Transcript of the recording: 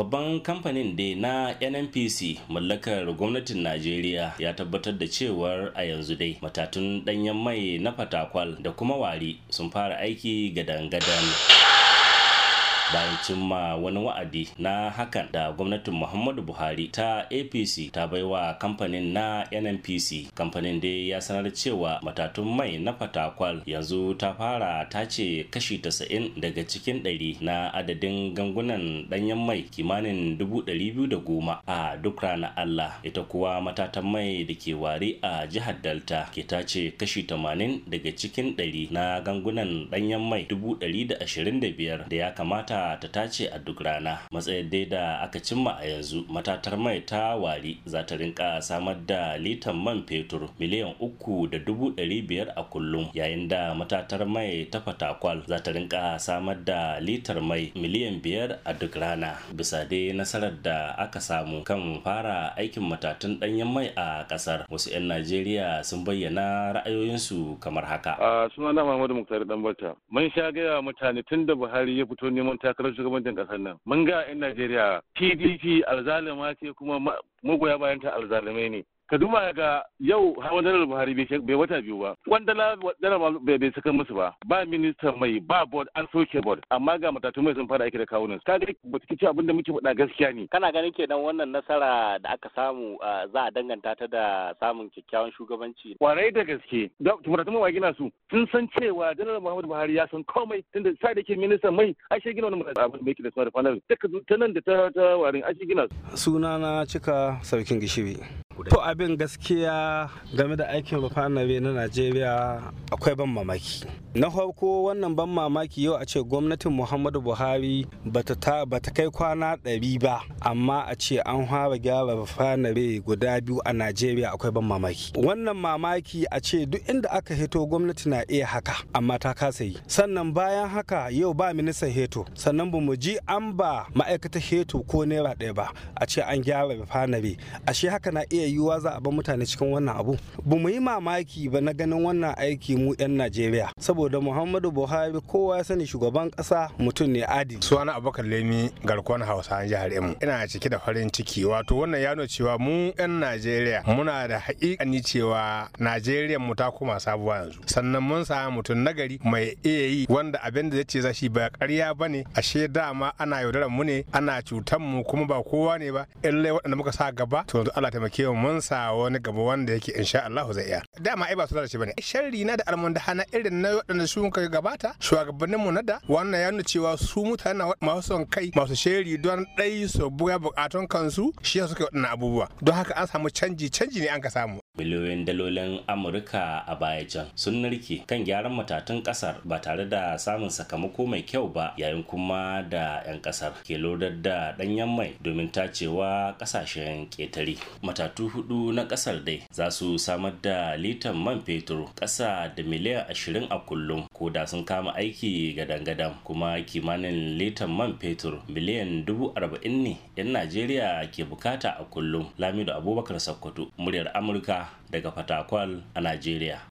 babban kamfanin da na nnpc mallakar gwamnatin najeriya ya tabbatar da cewar a yanzu dai matatun danyen mai na fatakwal da kuma wari sun fara aiki gadan-gadan bayan cimma wani wa'adi na hakan da gwamnatin muhammadu buhari ta apc ta baiwa kamfanin na nnpc kamfanin dai ya sanar cewa matatun mai na fatakwal yanzu ta fara tace kashi 90 daga cikin 100 na adadin gangunan danyen mai kimanin dubu da goma. a duk rana allah ita kuwa matatan mai da ke ware a jihar delta ke ta ce kashi tamanin daga cikin 100 na gangunan danyen mai dubu da da biyar da ya kamata ta tace a duk rana matsayin dai da aka cimma a yanzu matatar mai ta wari za ta rinka samar da litan man fetur miliyan uku da dubu ɗari biyar a kullum yayin da matatar mai ta fatakwal za ta rinka samar da litar mai miliyan biyar a duk rana bisa dai nasarar da aka samu kan fara aikin matatun ɗanyen mai a ƙasar wasu 'yan najeriya sun bayyana ra'ayoyinsu kamar haka. suna sunana Muhammadu Muktari bata Mun sha gaya mutane tun da Buhari ya fito neman ta takarar shugabancin kasar nan mun ga 'yan najeriya pdp alzalima ce kuma magoya bayan ta alzalimai ne ka duba ga yau hawan dalar buhari bai wata biyu ba kwandala dalar bai saka musu ba ba minista mai ba board an soke board amma ga matatu mai sun fara aiki da kawunan ka ga ba ta kici abin da muke faɗa gaskiya ne kana ganin kenan wannan nasara da aka samu za a danganta ta da samun kyakkyawan shugabanci kwarai da gaske da matatu mai gina su sun san cewa janar muhammadu buhari ya san komai tunda sai da ke minista mai ashe gina wani abin da yake da smart panel ta nan da ta warin ashe gina su sunana cika sarkin gishiri guda to abin gaskiya game da aikin rufa annabi na najeriya akwai ban mamaki na farko wannan ban mamaki yau a ce gwamnatin muhammadu buhari ba ta kai kwana ɗari ba amma a ce an fara gyara rufanare guda biyu a najeriya akwai ban mamaki wannan mamaki a ce duk inda aka hito gwamnati na iya haka amma ta kasa yi sannan bayan haka yau ba ministan heto sannan ba mu ji an ba ma'aikatar heto ko naira ɗaya ba a ce an gyara rufanare ashe haka na iya yiwuwa za a ban mutane cikin wannan abu ba mu yi mamaki ba na ganin wannan aiki mu 'yan najeriya saboda muhammadu buhari kowa ya sani shugaban kasa mutum ne adi suwana abubakar lemi garkon hausa an jihar emu ina cike da farin ciki wato wannan ya cewa mu 'yan najeriya muna da haƙiƙani cewa najeriya mu ta koma sabuwa yanzu sannan mun samu mutum nagari mai iya yi wanda abin da ya ce zashi ba karya ba ne ashe dama ana yaudarar mu ne ana cutar mu kuma ba kowa ne ba in lai waɗanda muka sa gaba to yanzu Allah taimake mu mun sa wani gaba wanda yake insha Allah zai iya dama ai ba su lalace bane sharri na da hana irin na waɗanda sun ka gabata shugabannin mu na da wannan ya nuna cewa su mutane masu son kai masu sharri don ɗai su buga bukatun kansu shi ya suka waɗannan abubuwa don haka an samu canji canji ne an ka samu miliyoyin dalolin amurka a baya can sun narke kan gyaran matatun kasar ba tare da samun sakamako mai kyau ba yayin kuma da 'yan kasar ke lodar da danyen mai domin tacewa ƙasashen ketare matatu hudu na kasar dai za su samar da litan man fetur kasa da miliyan ashirin a kullum ko da sun kama aiki gadan-gadan kuma kimanin litan man fetur miliyan dubu arba'in ne 'yan najeriya ke bukata a kullum lamido abubakar sakkwato muryar amurka daga fatakwal a najeriya